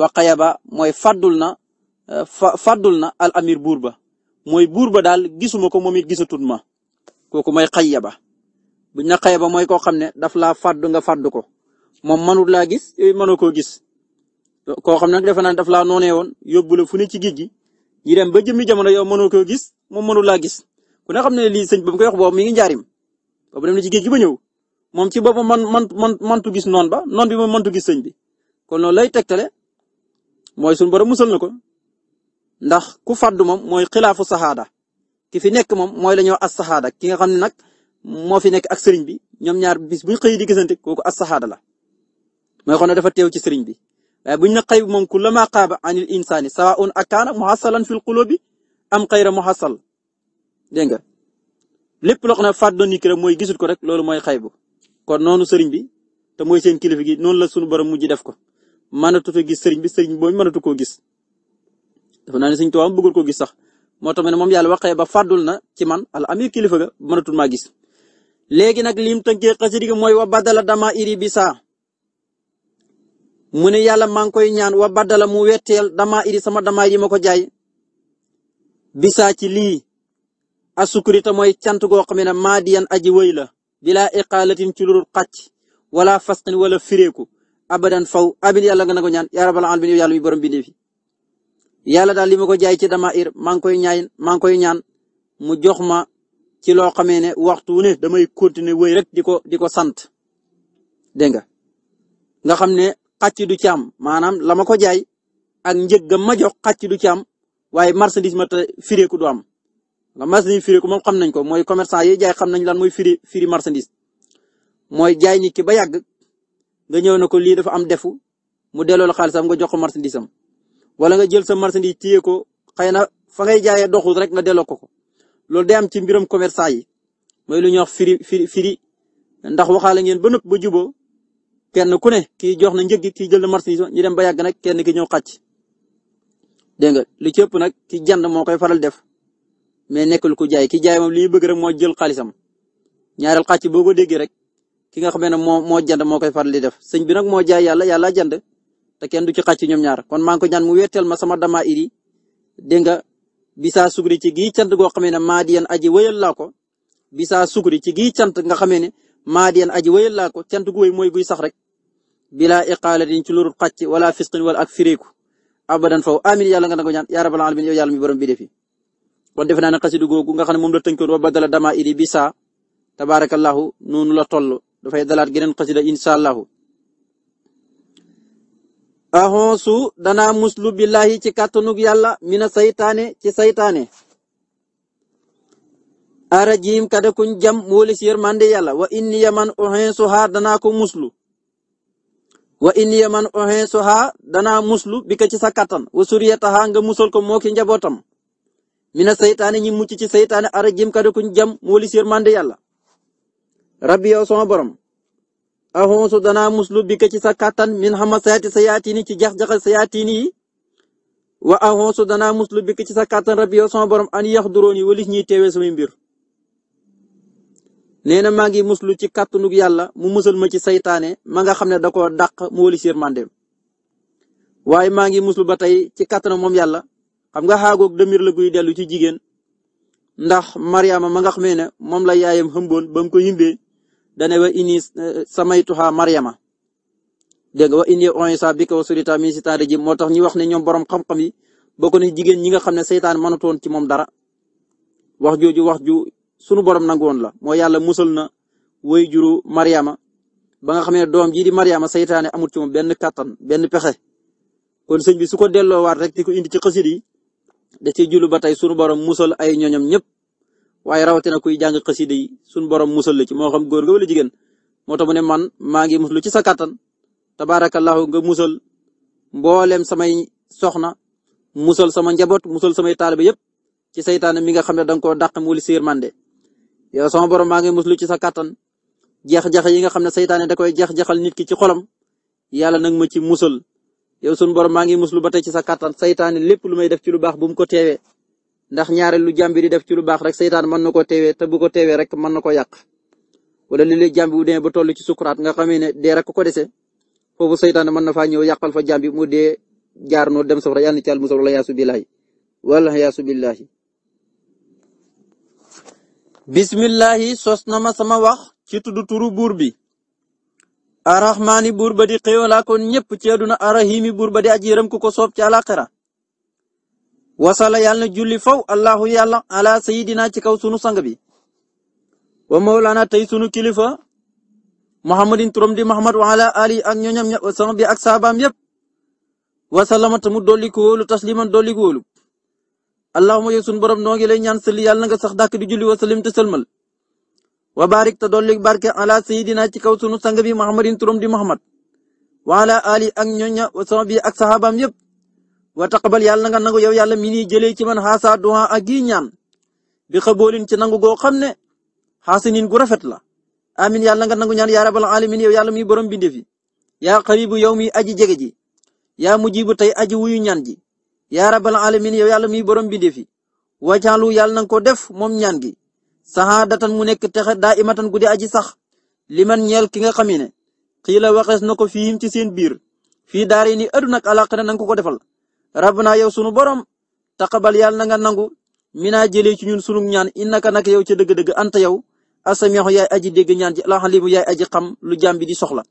A: waxaya ba mooy fàddul na eh, fa fàddul na al amir buur ba mooy buur ba daal gisuma ko moom it gisatut ma kooku mooy xayya ba bu ñaqee ba mooy koo xam ne daf laa fad nga fàddu ko moom mënul laa gis yooyu mënoo koo gis koo xam ne defe naa daf laa noonee woon yóbbu la fu ne ci géej gi ñu dem ba jëmmi jamono yo mënoo koo gis moom mënul laa gis ku ne xam ne lii sëñ bi mu koy wax boobu mi ngi njaarim boobu dem ci géej gi ba ñëw moom ci boppam man man man mantu gis noon ba noon bi moom mantu gis sañ bi kon loolu lay tegtale mooy suñu borom musal na ko ndax ku fàddu moom mooy xilaafu saxaada ki fi nekk moom mooy la ñuy wax as saxaada ki nga xam ne nag moo fi nekk ak sëriñ bi ñoom ñaar bis bu ñu xëyee di gisante kooku as saxaada la mooy xam ne dafa teew ci sëriñ bi waaye bu ñu ne xëy moom ku lama qaaba anil insaani sawaun akaana muhasalan fil qulubi am xayra muhasal dégg nga lépp loo ne fàttali doon niki rek mooy gisul ko rek loolu mooy xaybu kon noonu sëriñ bi te mooy seen kilifa gi noonu la sunu borom mujj def ko mënatu ko gis sëriñ bi sëriñ bi boobu mënatu koo gis. dafa naa ne suñu tubaab bëggul koo gis sax moo tax ne moom yàlla waxee ba fàddul na ci man al amir kilifa mënatul maa gis. léegi nag lim tënkee xasida gi mooy wa badala dama iri bisa mu ne yàlla maa ngi koy ñaan wa badala mu wetteel dama iri sama dama iri ma ko jaay bisa ci lii asukurita mooy cant goo xam ne maadiyan aji wëy la bilaa iqaalatin ci lurul xàcc wala fasqin wala fireeku abadan faw abin yàlla nga na ko ñaan yaa rabbal alamin yow yàlla mi borom bindee daal li ma jaay ci dama ir maa ngi koy ñaan maa ngi koy ñaan mu jox ci loo xamee ne waxtu wu ne damay continuer wéy rek di ko di ko sant dégg nga nga xam ne xàcc du ci am maanaam la ma ko jaay ak njëggam ma jox xàcc du ci am waaye marchandise ma te fireeku du am nga marchandise fireeku moom xam nañ ko mooy commerçant yi jaay xam nañ lan mooy firi firi marchandise mooy jaay nit ba yàgg nga ñëw na ko lii dafa am defu mu delloo la xaalisam nga jox ko marchandise wala nga jël sa marchandise téye ko xëy na fa ngay jaayee doxul rek nga delloo ko ko loolu da am ci mbiram commerçant yi mooy lu ñuy wax firi firi firi ndax waxaale ngeen ba nëpp ba juboo kenn ku ne kii jox na njëg kii jël na marchandise ñu dem ba yàgg nag kenn ki ñëw xàcc dégg nga lu ci ëpp nag ki jand moo koy faral def mais nekkul ku jaay ki jaay moom li bëgg rek moo jël xaalisam ñaareel xàcc boo ko déggee rek ki nga xamee ne moo moo jënd moo koy faral di def sëñ bi nag moo jaay yàlla yàlla jënd te kenn du ci xàcc ñoom ñaar kon maa ngi ko ñaan mu wéetal ma sama dama iri dégg bisaa sukri ci gii cant goo xamee ne maadiyan aji wéyal laa ko bisaa sukri ci gii cant nga xamee ne maadiyan aji wéyal laa ko cant gu wéy mooy guy sax rek bilaa iqaalatin ci lurut xàcc wala fisqin wala ak fireeku abadan faw amin yàlla nga nangu ñaan yaa rabbal alamin yow yàlla mi borom bi defi kon defe naa ne xasidu googu nga xam ne moom la tënkoon wa badala dama iri bisaa tabaarakallahu noonu la toll dafay dalaat geneen xasida incha allahu ahonsu danaa muslu billahi ci kàttanug yàlla mina saytaane ci saytaane arajim kada kuñ jam moolis yërmande yàlla wa inni yaman ohensuha danaa ko muslu wa inni yaman ohensuha danaa muslu bi ka ci sa kàttan wa suriyataha nga musal ko moo njabootam mi na saytaane ñi mucc ci saytaane arajim kada kuñ jam moolis yërmande yàlla rabbi yow sama borom axonsu danaa muslu bi ka ci sa kàttan min xamasaati sayaatini ci jax-jaxal sayaatini yi wa axonsu danaa muslu bi ka ci sa kàttan rabbi yow sama borom an yax duróon yi walis ñuy teewee samay mbir nee na maa ngi muslu ci kàttanug yàlla mu musal ma ci seytaane ma nga xam ne da koo dàq mu walis yërmandeem waaye maa ngi muslu ba tey ci kàttana moom yàlla xam nga xaagoog demir la guy dellu ci jigéen ndax Mariama ma nga xamee ne moom la yaayam xëmboon ba mu ko yimbee dane wa ini eh, samaytuha Maryama dégg nga wa ini onsa bi ko surita min sitaan rajim moo tax ñu wax ne ñoom borom xam-xam yi bokk na jigéen ñi nga xam ne seytaan mënatoon ci moom dara wax jooju wax ju sunu borom nangu la moo yàlla musal na way juru Maryama ba nga xam ne doom jii di Maryama seytaane amut ci benn kàttan benn pexe kon sëñ bi su ko delloowaat rek di ko indi ci xasit da ciy jullu ba tey sunu borom musal ay ñoñom ñëpp. waaye rawatina kuy jàng xasida yi suñ borom musal la ci moo xam góor nga wala jigéen moo tax mu ne man maa ngi muslu ci sa kàttan tabaarakallahu nga musal mboolem samay soxna musal sama njaboot musal samay taal taaliba yëpp ci seytaane mi nga xam ne da nga koo dàq mu mande yow sama borom maa ngi muslu ci sa kàttan jeex-jeex yi nga xam ne saytaane da koy jeex-jeexal nit ki ci xolam yàlla nag ma ci musal yow sunu borom maa ngi muslu ba tey ci sa kàttan saytaane lépp lu may def ci lu baax bu mu ndax ñaareelu lu jàmbi di def ci lu baax rek seytaan mën na ko teewee te bu ko teewee rek mën na ko yàq wala li lay jàmbi bu demee ba toll ci sukuraat nga xamee ne dee rek ko dese foofu seytaan mën na faa ñëw yàqal fa jàmbi mu dee jaar noo dem safara yàlla na ci àll musal wala yaasu billaahi wala yaasu billaahi bismillahi sos na ma sama wax ci tuddu turu buur bi arrahmaani buur ba di xéewalaa kon ñëpp ci àdduna arrahimi buur ba di aji yërëm ko soob ci àllaaxira wasala yàlla na julli faw allahu yàlla ala sayidina ci kaw sunu sanga bi wa mawlana tey sunu kilifa muhammadin turam di muhammad wa ala ali ak ñoñam ña sama bi ak saabaam yépp wasalama tamu dolli ko wóolu tasliman dolli ko wóolu allahuma yow sunu borom noo ngi lay ñaan sëli yàlla sax dàkk di julli wasalim te sëlmal wa barik te dolli barke ala sayidina ci kaw sunu sang bi muhammadin turam di muhammad wa ala ali ak ñoña sama bi ak yépp wa taqabal yàlla na nga nangu yow yàlla mi nii jëlee ci man xaasa duha ak gii ñaan bi xaboolin ci nangu goo xam ne nin gu rafet la amin yàlla nga nangu ñaan yaa rabal alamin yow yàlla muy borom bindee fi yaa xaribu yow mi aji jege ji yaa mujibu tey aji wuyu ñaan ji yara rabal alamin yow yàlla muy borom bindee fi wacaalu yàlla na nga ko def moom ñaan gi saxaadatan mu nekk texe daa imatan guddi aji sax li man ñeel ki nga xam ne la waxees na ko fiim ci seen biir fii daaree ni aduna ak alaaxira na nga ko ko defal rabbana yow sunu borom taqabal yàlla na nga nangu mina jëlee ci ñun sunu ñaan innaka nag yow ca dëgg-dëgg anta yow asamihu yaay aji dégg ñaan ji alxalimu yaay aji xam lu jaam bi di soxla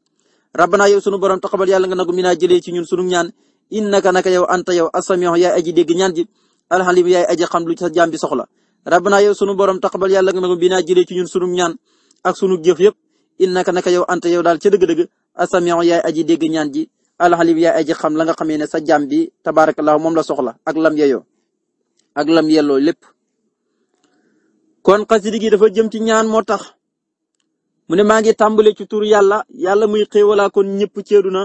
A: rabbana yow sunu borom taqabal yàlla nga nangu mina jëlee ci ñun sunu ñaan innaka nag yow anta yow asamihu yaay aji dégg ñaan ji alxalimu yaay aji xam lu sa jaam bi soxla rabbana yow sunu borom taqabal yàlla nga nangu mina jëlee ci ñun sunu ñaan ak sunu jëf yëpp innaka nag yow anta yow daal ca dëgg-dëgg asamihu yaay aji dégg ñaan ji alxalim yaa aji xam la nga xamee ne sa jàmm bi tabaarakallaahu moom la soxla ak lam yeyoo ak lam yelloo lépp kon xasida dafa jëm ci ñaan moo tax mu ne maa ngi tàmbale ci tur yàlla yàlla muy xéewalaa kon ñëpp ceedu na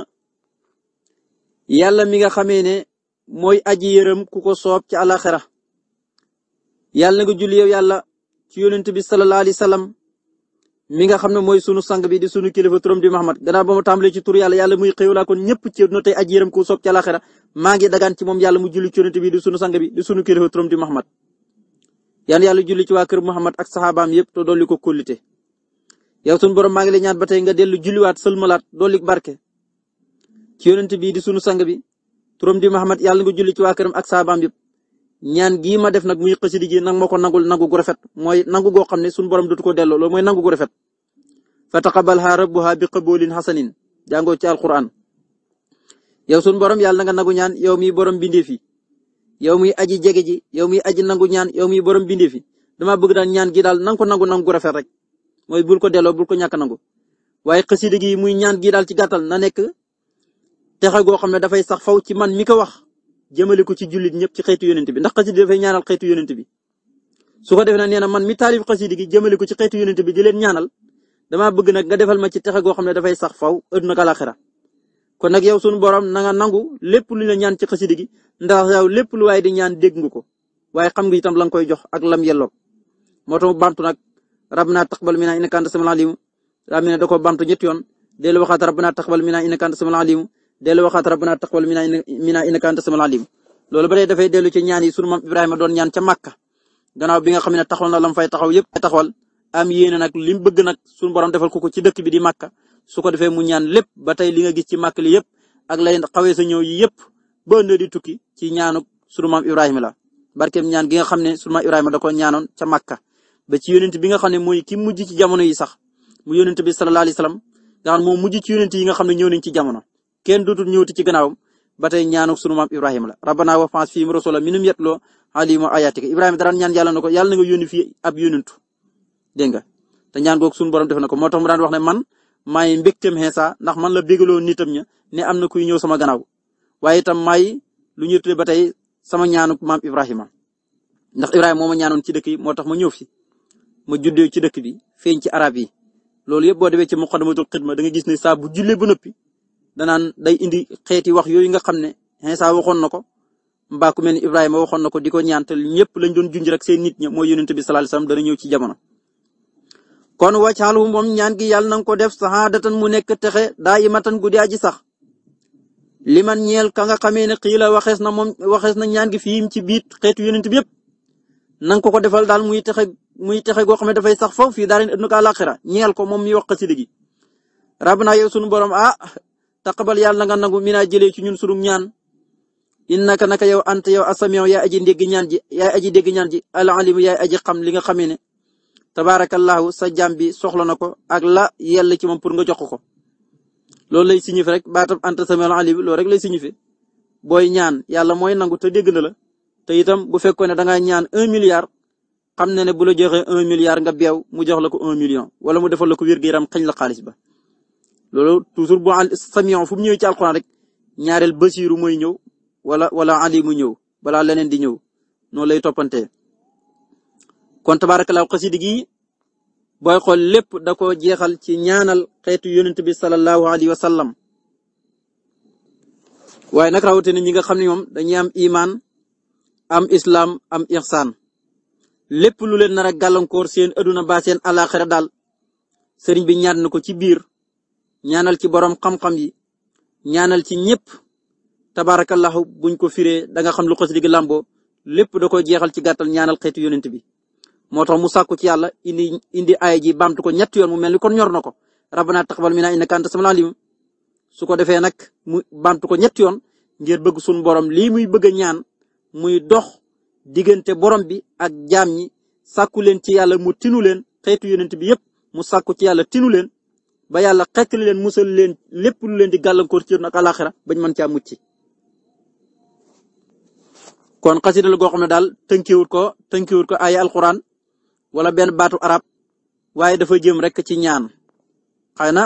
A: yàlla mi nga xamee ne mooy aji yërëm ku ko soob ci alaxira yàlla nga julli yow yàlla ci yonent bi sallallahu alayhi mi ga xam ne mooy sunu sang bi di sunu kilifa turam di Muhammad gannaaw ba mu tàmbalee ci tur yàlla yàlla muy xéewlaa kon ñëpp ci na tey aji yërëm ku soog maa ngi dagaan ci moom yàlla mu julli ci yonent bi di sunu sang bi di sunu kilifa turam di yan yàlla julli ci waa Muhammad ak saxaabaam yëpp te dolli ko kóllite yow sunu borom maa ngi lay ñaan ba tey nga dellu julliwaat sëlmalaat dolli barke ci yonent bi di sunu sang bi turam di Muhammad yàlla nga julli ci waa ak saxaabaam yëpp ñaan gii ma def nag muy xasida gi nag ma ko nangul nangu gu rafet mooy nangu goo xam ne sunu borom dootu ko delloo loolu mooy nangu rafet fa taqabalha rabbuha bi qabulin hasanin jàngoo ci alquran yow sun borom yàlla nga nangu ñaan yow mi borom bindee fi yow mi aji jege ji yow mi aji nangu ñaan yow mi borom bindee fi dama bëgg daal ñaan gi daal nang ko nangu nangu gu rafet rek mooy bul ko delloo bul ko ñàkk nangu waaye xasida gi muy ñaan gi daal ci gàttal na nekk texe goo xam ne dafay sax faw ci man mi ko wax jëmale ko ci jullit ñëpp ci xeetu yonent bi ndax xasida dafay ñaanal xeetu yonent bi ko defee man mi taalif xasida jëmale ko ci xeetu yonent bi di leen ñaanal damaa bëgg nag nga defal ma ci texe goo xam ne dafay sax faw àdduna ak àllaaxira kon nag yow sunu borom na nga nangu lépp lu ñu ñaan ci xasida gi ndax yow lépp lu waaye di ñaan dégg nga ko waaye xam nga itam la nga koy jox ak lam yelloog moo tax mu bantu nag rabbana na minna innaka anta samiul alim rabbina da ko bantu ñetti yoon dellu waxaat rabbana taqbal minna innaka anta samiul alim dellu waxaat rabbana taqbal minna innaka anta samiul alim loolu ba tey dafay dellu ci ñaan yi sunu maam Ibrahima doon ñaan ca Makka gannaaw bi nga xam ne taxawal na lam fay taxaw yëpp taxawal am yéene nag li mu bëgg nag suñu borom defal ko ko ci dëkk bi di màkka su ko defee mu ñaan lépp ba tey li nga gis ci màkk li yëpp ak lay xawee sa ñëw yi yëpp ba ëndee di tukki ci ñaanu sunu maam Ibrahima la barkeem ñaan gi nga xam ne sunu maam Ibrahima da ko ñaanoon ca màkka ba ci yonent bi nga xam ne mooy ki mujj ci jamono yi sax mu yonent bi sallallahu alayhi wasallam nga xam moom mujj ci yonent yi nga xam ne ñëw nañ ci jamono kenn ñëw ñëwati ci gannaawam ba tey ñaanu sunu maam Ibrahima la rabbana wa fa'al fihim rasulan minhum yatlu alayhim ayatika Ibrahima daan ñaan yàlla na ko yàlla na nga fii ab yónintu dégg nga te ñaan googu suñu borom def na ko moo tax mu daan wax ne man maay mbégteem xeesa ndax man la bégaloo nitam ña ne am na kuy ñëw sama ganaaw waaye itam maay lu ñu tuddee ba tey sama ñaanu maam Ibrahima ndax Ibrahima moo ma ñaanoon ci dëkk yi moo tax ma ñëw fi ma juddee ci dëkk bi feeñ ci arab yi loolu yëpp boo demee ci muqaddamatul xidma da nga gis ne saa bu jullee ba danaan day indi xeeti wax yooyu nga xam ne xeesa waxoon na ko mbaa ku mel ni Ibrahima waxoon na ko di ko ñaantal ñëpp lañ doon junj rek seen nit ña mooy yonent bi sallallahu alayhi ñëw ci jamono. kon wàccaal wu moom ñaan gi yàlla nanga ko def saxaadatan mu nekk texe daa imatan guddi aji sax li man ñeel ka nga xamee ne xii la waxees na moom waxes na ñaan gi fiim ci biit xeetu yonent bi yëpp nanga ko ko defal daal muy texe muy texe goo xam ne dafay sax foofu fii daa leen ëpp nag ñeel ko moom mi wax xasida gi na yow sunu borom ah taxabal yàlla nanga nangu mina jëlee ci ñun sunu ñaan innaka naka yow ant yow asamiyo yaay aji dégg ñaan ji yaay aji dégg ñaan ji al alimu yaay aji xam li nga xamee ne tabaarakallaahu sa jàmm bi soxla na ko ak la yàlla ci moom pour nga jox ko loolu lay signifié rek baatam anta samiul alim loolu rek lay signifié booy ñaan yàlla mooy nangu te dégg na la te itam bu fekkoon ne da nga ñaan un milliard xam na ne bu la joxee un milliard nga beew mu jox la ko un million wala mu defal la ko wér gu xëñ la xaalis ba. loolu toujours bo al samion fu mu ñëwee ci rek ñaareel basiiru mooy ñëw wala wala mu ñëw balaa leneen di ñëw noonu lay toppantee. kon tabaarakallaahu xasida gi booy xool lépp da ko jeexal ci ñaanal xeetu yonent bi sallallahu alayhi wa sallam waaye nag rawatina ñi nga xam ne moom dañuy am imaan am islaam am ihsaan lépp lu leen nar a gàllankoor seen aduna ba seen alaxira daal sëriñ bi ñaan na ko ci biir ñaanal ci borom xam-xam yi ñaanal ci ñëpp tabaarakallahu buñ ko firee da nga xam lu xasida gi làmboo lépp da ko jeexal ci gàttal ñaanal xeetu yonent bi moo tax mu sàkku ci yàlla indi indi aaya ji baamtu ko ñetti yoon mu mel ni kon ñor na ko rabbana taqabbal minna innaka anta samiul alim su ko defee nag mu baamtu ko ñetti yoon ngir bëgg suñu borom lii muy bëgg ñaan muy dox diggante borom bi ak jaam ñi sàkku leen ci yàlla mu tinu leen xeetu yonent bi yépp mu sàkku ci yàlla tinu leen ba yàlla xettali leen musal leen lépp lu leen di gàllankoor ci ak alaxira bañ mën caa mucc kon xasida la xam ne daal tënkiwut ko tënkiwut ko aaya alquran wala benn baatu arab waaye dafa jëm rek ci ñaan xëy na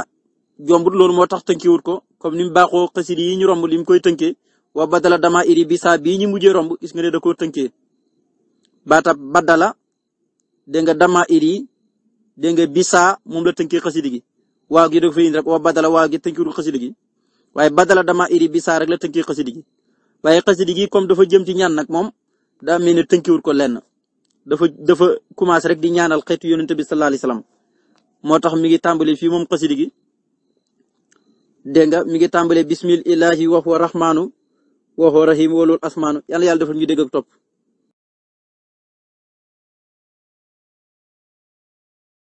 A: jombut loolu moo tax tënkiwut ko comme ni mu baaxoo xasida yi ñu romb li mu koy tënkee wa badala dama iri bi saa bii ñu mujjee romb gis nga da koo tënkee baata badala dégg nga dama iri dégg nga bisaa moom la tënkee xasida gi waa gi da fa indi rek wa badala gi tënkiwul xasida gi waaye badala dama iri bisaa rek la tënkee xasida gi waaye xasida gi comme dafa jëm ci ñaan nag moom daa mel ne tënkiwul ko lenn. dafa dafa commencé rek di ñaanal xeetu yonent bi sallallahu alayhi wasallam moo tax mi ngi tàmbali fii moom xasidi gi dégg nga mi ngi tàmbale bismil ilahi wa huwa rahmaanu wa huwa rahiim walul asmaanu yàlla yàlla defal ñu dégg ak topp